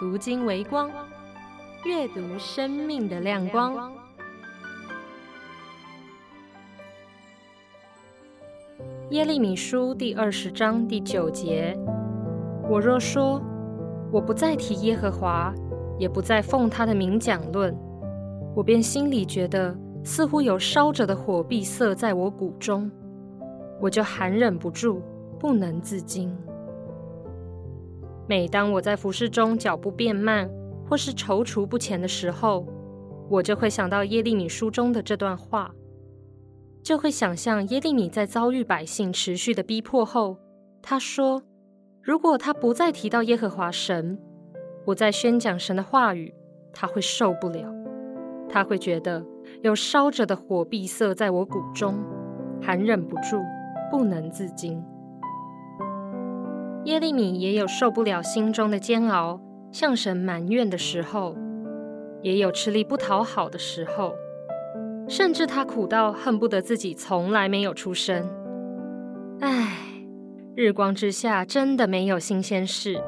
讀經為光，閱讀生命的亮光。耶利米書第二十章第九節：我若說，我不再提耶和華，也不再奉他的名講論，我便心裡覺得似乎有燒着的火閉塞在我骨中，我就含忍不住，不能自禁。每當我在服侍中腳步變慢，或是躊躇不前的時候，我就會想到耶利米書中的這段話，就會想象耶利米在遭遇百姓持續的逼迫後，他說：“如果他不再提到耶和華神，我再宣講神的話語，他會受不了，他會覺得有燒着的火閉塞在我骨中，含忍不住，不能自禁。”耶利米也有受不了心中的煎熬，向神埋怨的時候，也有吃力不討好的時候，甚至他苦到恨不得自己從來沒有出生。唉，日光之下真的沒有新鮮事，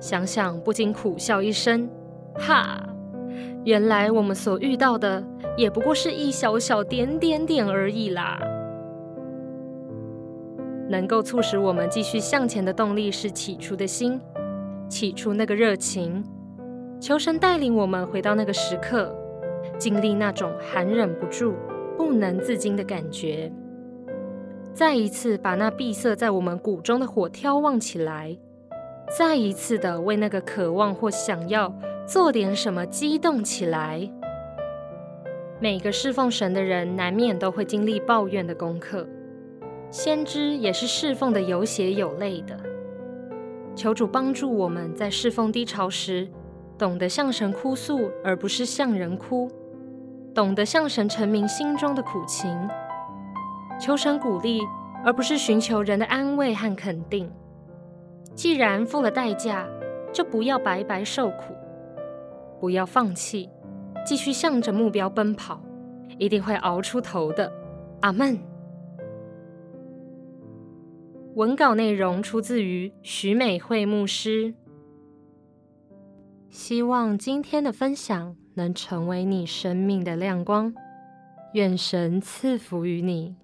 想想不禁苦笑一聲，哈，原來我們所遇到的也不過是一小小點點點點而已啦。能夠促使我們繼續向前的動力是起初的心，起初那個熱情。求神帶領我們回到那個時刻，經歷那種含忍不住、不能自禁的感覺，再一次把那閉塞在我們骨中的火挑旺起來，再一次的為那個渴望或想要做點什麼激動起來。每個侍奉神的人，難免都會經歷抱怨的功課。先知也是侍奉的有血有淚的，求主幫助我們在侍奉低潮時，懂得向神哭訴，而不是向人哭；懂得向神陳明心中的苦情，求神鼓勵，而不是尋求人的安慰和肯定。既然付了代價，就不要白白受苦，不要放棄，繼續向着目標奔跑，一定會熬出頭的。阿門。文稿內容出自於許美惠牧師。希望今天的分享能成為你生命的亮光，願神賜福於你。